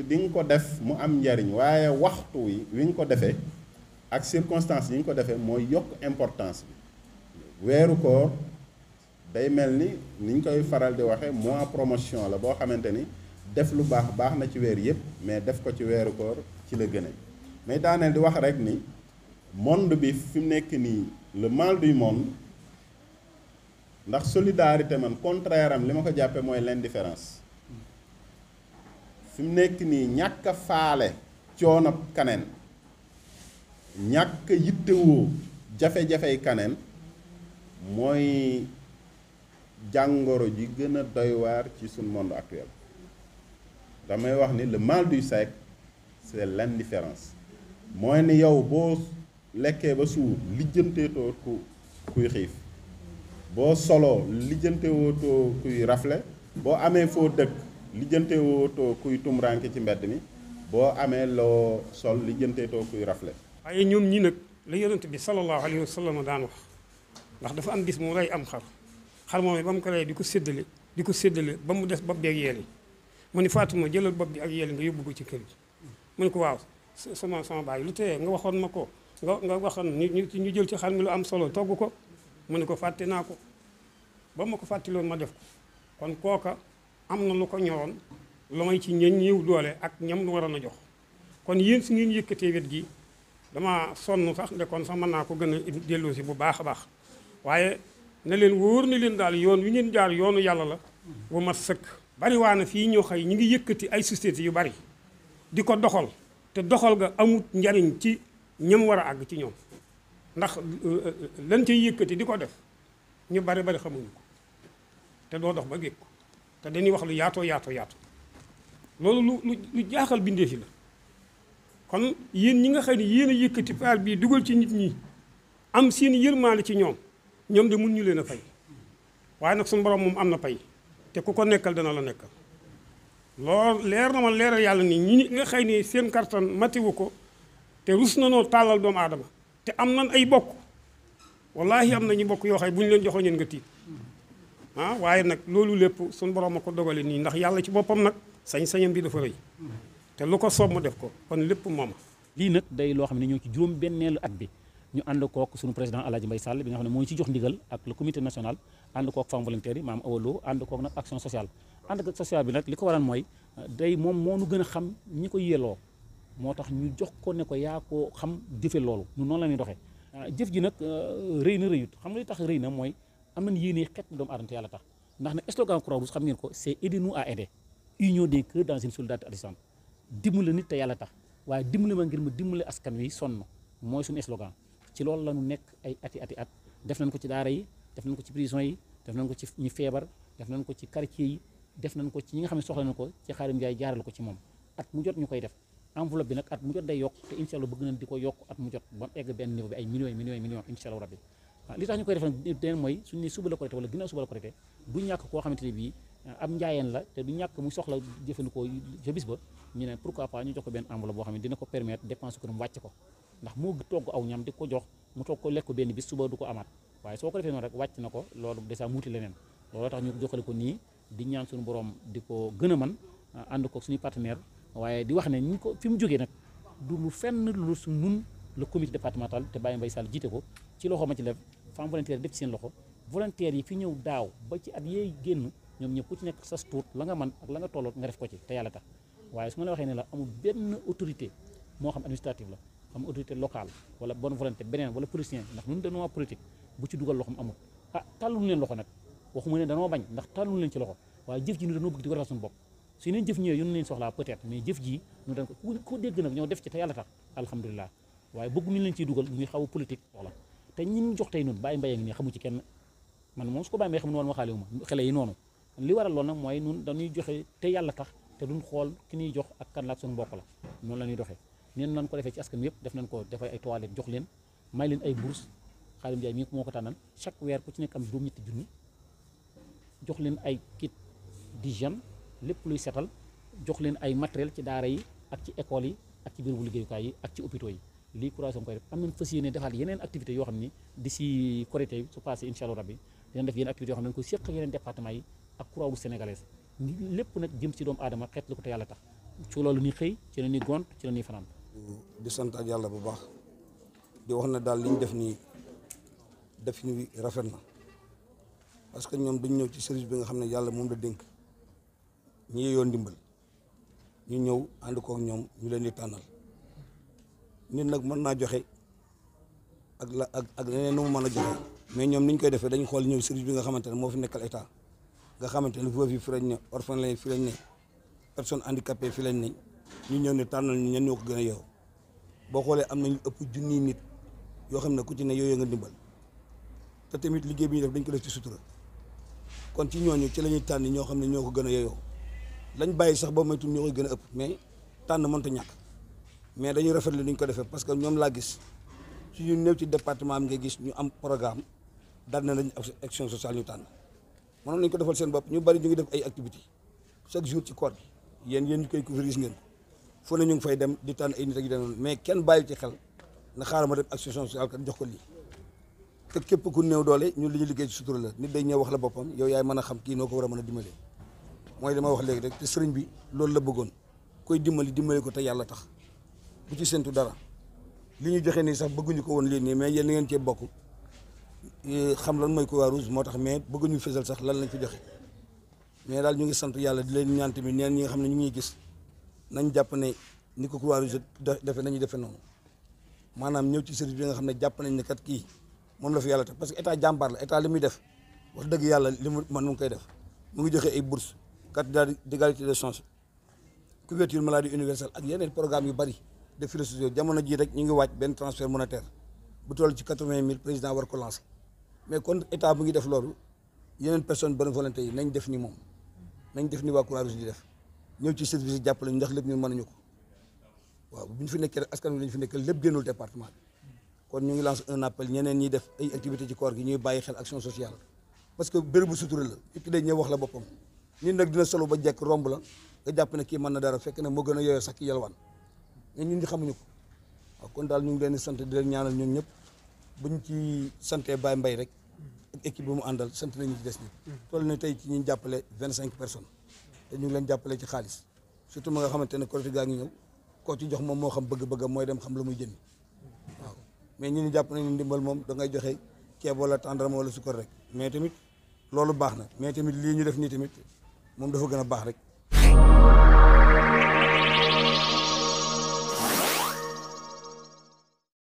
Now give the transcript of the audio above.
acte di nga ko def mu am njariñ waaye waxtu wi wi ko defee ak circonstance yi nga ko defee mooy yokk importance bi weeru koor day mel ni ni koy faral di waxee moins promotion la boo xamante ni def lu baax baax na ci weer yëpp mais def ko ci weeru koor ci la gëne mais daaneel di wax rek ni monde bi fi mu nekk nii le mal du monde ndax solidarité man contraire am li ma ko jàppee mooy différence fi mu nekk nii ñàkk a faale coono kaneen ñàkk a yittewoo jafe-jafey kaneen mooy jàngoro ji gën a doy waar ci suñ monde actuel damay wax ni la mal du siècle c'est différence mooy ni yow boo lekkee ba suur lijjanteetoo ku kuy xiif boo soloo lijjantewootoo kuy rafle boo amee foo dëkk lijjantewoo too kuy tumuraanke ci mbedd mi boo amee loo sol lijjantee too kuy rafle waaye ñoom ñii nag la yonent bi sallallahu alayhi wa sallam daan wax ndax dafa am bis mu rey am xar xar moom ba mu ko rey di ko séddale di ko séddale ba mu des bopp bi ak yeeli mu ni Faatuma jëlal bopp bi ak yeeli nga yóbbu ko ci kër gi mu ne ko waaw sama sama baay lu tee nga waxoon ma ko nga nga waxoon ñu ñu jël ci xar mi lu am solo togg ko mu ne ko fàtte naa ko ba ma ko fàttiloon ma def ko am na lu ko ñoroon lu may ci ñañ ñëw doole ak ñam lu waroon a jox kon yéen su ngeen yëkkatee wet gi dama sonn sax ne kon sax naa ko gën a delloo bu baax a baax waaye ne leen wóor na leen daal yoon wi ngeen jaar yoonu yàlla la bu ma sëkk bari waa na fii ñoo xëy ñu ngi yëkkati ay société yu bari di ko doxal te doxal ga amut njariñ ci ñam war a àgg ci ñoom ndax euh, euh, euh, lan cay yëkkati di ko def ñu bari bari xamuñu ko te doo dox ba géeg ko te dañuy wax lu yaatoo yaatoo yaatu loolu lu lu jaaxal bindeef yi la kon yéen ñi nga xam ne yéen a yëkkati paar bii dugal ci nit ñi am seen yërmaale ci ñoom ñoom de mun ñu leen a fay waaye nag su borom moom am na pay te ku ko nekkal dana la nekkal lool leer na ma leeral yàlla ni ñi nga xëy nii seen kartan matiwu ko te rus na noo tàllal doomu aadama te am nan ay bokk wallaahi am na ñu bokk yoo xay bu ñu leen joxoon ñeen nga tiit ah waaye nag loolu lépp suñu borom a ko dogale nii ndax yàlla ci boppam nag sañ-sañam bi dafa rëy te lu ko soob mu def ko kon lépp moom lii nag day loo xam ne ñoo ci juróom benneelu at bi ñu ànd kook suñu président Alaaji Mbay Sall bi nga xam ne mooy ci jox ndigal ak le comité national ànd kook femme volontaire yi maam awaloo ànd kook nag action sociale ànd ak sociale bi nag li ko waral mooy day moom moo nu gën a xam ñi ko yelloo moo tax ñu jox ko ne ko yaa koo xam jëfe loolu noonu la ñuy doxee ah, jëf ji nag euh, rëy na rëyut xam nga tax rëy na mooy am nañ yéene xet mi doomu aadama te yàlla tax ndax ne slogan Croix-Rouge xam ngeen ko c' est aider nous à union des cœurs dans une solidarité allisante dimbale nit te yàlla tax waaye dimbale ma ngir mu dimbale askan wi sonn mooy suñu slogan ci loolu la ñu nekk ay ati ati at def nañ ko ci daara yi def nañ ko ci prison yi def nañ ko ci ñi feebar def nañ ko ci quartier yi def nañ ko ci ñi nga xam ne soxla nañ ko ci xaarim jaay jaaral ko ci moom at mu jot ñu koy def enveloppe bi nag at mu jot di ko yokk mu jot ba egg benn niveau bi ay millions waaw ah, li tax ñu koy def nag mooy suñu ne suba la Korité wala ginnaaw suba la Korité koo xamante ne bii ah, ñu ne pourquoi pas ñu ko benn enveloppe boo xam ne dina ko permettre dépense ko ko ndax di ko jox mu togg ko lekk ko benn bis suba du ko amaat waaye soo ko defee noonu rek wàcc na ko loolu dèjà muuti leneen looloo ko nii di ñaan suñu borom di ko gën a man ah, ànd ko suñu partenaire waaye di wax ne ñi ko fi mu jógee nag du lu fenn lu su nun le comité départemental te Baye Mbaye Sall jiite ko ci ma ci def femmes volontaires def ci seen loxo volontaires yi fi ñëw daaw ba ci at yeey génn ñoom ñëpp ku ci nekk sas tuut la man ak la nga nga def ko ci te yàlla tax waaye ah, waaye jëf ji leen ci dugal muy xaw a politique soxla te ñi jox tey noonu bàyyi mbéy ak nii xamu ci kenn man moom su ko bàyyi mbéy xamu ne woon ma xaale wu ma xale yi noonu li waral loolu nag mooy nun dañuy joxe te yàlla tax te duñ xool ki ñuy jox ak kan la ak suñu mbokk la noonu la ñuy doxee neen nañ ko defee ci askan yëpp def nañ ko defay ay toilettes jox leen may leen ay bourse xaalim Ndiaye mii moo ko tànnal chaque weer ku ci nekk am juróom-ñetti junni jox leen ay kit d'hygiène lépp luy setal jox leen ay matériel ci daara yi ak ci école yi ak ci bérébu liggéeyukaay yi ak ci hôpitaux yi lii Croissant koy def am nañ fas yéene defaat yeneen activités yoo xam ni d'ici Korité su passé incha allah rabbi dinañ def yeneen activités yoo xam ne ko séq ak yeneen département yi ak Croix-Rouge sénégalaise lépp nag jëm si doomu aadama xeet lu ko te yàlla tax ci loolu ni xëy ci la ñuy gont ci la ñuy fanaan di sant ak yàlla bu baax di wax na daal liñ def nii def ñu rafet na parce que ñoom dañ ñëw ci service bi nga xam ne yàlla moom la dénk ñi yoon ndimbal ñu ñëw ànd kook ñoom ñu leen di tànnal nit nag mën naa joxe ak la ak ak leneen nu mu mën a joxe mais ñoom ni koy defee dañu xool ñëw service bi nga xamante ne moo fi nekkal état nga xamante ne veuve yi fi lañ ne orphelin yi fi lañ ne personne handicapée fi lañ ne ñu ñëw ne tànnal ñu ñen ñoo ko gën a yow boo xoolee am nañu ëpp junniy nit yoo xam ne ku ci ne yooyu nga dimbal te liggéey bi ñu dañ ko def ci sutura kon ci ñooñu ci la ñuy tànn ñoo xam ne ñoo ko gën a yeyoo lañ bàyyi sax ba moytu ñoo koy gën a ëpp mais tànn mënta ñàkk mais dañu rafetlu ni ñu ko defee parce que ñoom laa gis suñu département am nga gis ñu am programme dal na lañ action sociale ñu tànn mënoon nañ ko defal seen bopp ñu bari ñu ngi def ay activité chaque jour ci koor gi yéen yéen ñu koy couvrir gis ngeen fu ne ñu ngi fay dem di tànn ay nit ak yu demee mais kenn bàyyi ci xel na xaaral ma def action jox ko lii te képp ku néew doole ñun li ñu liggéey ci sutura la nit day ñëw wax la boppam yow yaay mën a xam kii noo ko war a mën a dimbalee mooy dama wax léegi rek te bi loolu la bëggoon koy dimbali dimbali ko te yàlla tax bu ci séntu dara li ñu joxe nii sax bëgguñu ko woon lii nii mais yéen na ngeen cee bokk e, xam lan mooy Croix-Rouge moo tax mais bëgguñu fésal sax lan lañ fi joxe mais daal ñu ngi sant yàlla di leen ñaan tamit ñi nga xam ne ñu ngi gis nañ jàpp ne ni ko Croix-Rouge defe nañu defe noonu maanaam ñëw ci service bi nga xam ne jàpp nañ ne kat kii moom la fi yàlla te parce que état jàmbar la état li muy def wax dëgg yàlla li mu man mu ngi koy def mu ngi joxe ay bourse carte d'égalité des chances couverture maladie universelle ak yeneen programme yu bari de philosophie jamono jii rek ñu ngi wàcc benn transfert monétaire bu toll ci quatre-vingt mille président war ko lancer mais kon état bu ngi def loolu yeneen personne bonne volonté yi nañ def ni moom nañ def ni waa croix di def ñëw ci service jàpp jàppale ñu ndax lépp ñun mën nañu ko waaw bu ñu fi nekkee rek askan wi lañu fi nekkee lépp génnul département kon ñu ngi lance un appel ñeneen ñi def ay activité ci koor gi ñuy bàyyi xel action sociale parce que bérébu sutura la nit ñëw wax la boppam nit nag dina solo ba jekk romb la jàpp ne kii mën na dara fekk na moo gën a yooyoo sax ki yalwaan mais ñun ñu xamuñu ko waaw kon daal ñu ngi leen sant di leen ñaanal ñoom ñëpp buñ ci santee Baye mbay rek ak équipe bi mu àndal sant nañu ci des ñi mm. toll na tey ci ñu jàppale vingt cinq personnes te ñu ngi leen jàppale ci xaalis surtout ma nga xamante ne Korité gaa ngi koo ci jox moom moo xam bëgg-bëgg mooy dem xam la muy jënd waaw mais ñu ni jàpp nañu ndimbal moom da ngay joxe ceeb wala tàndarma wala sukar rek mais tamit loolu baax na mais tamit lii ñu def nii tamit moom dafa gën a baax rek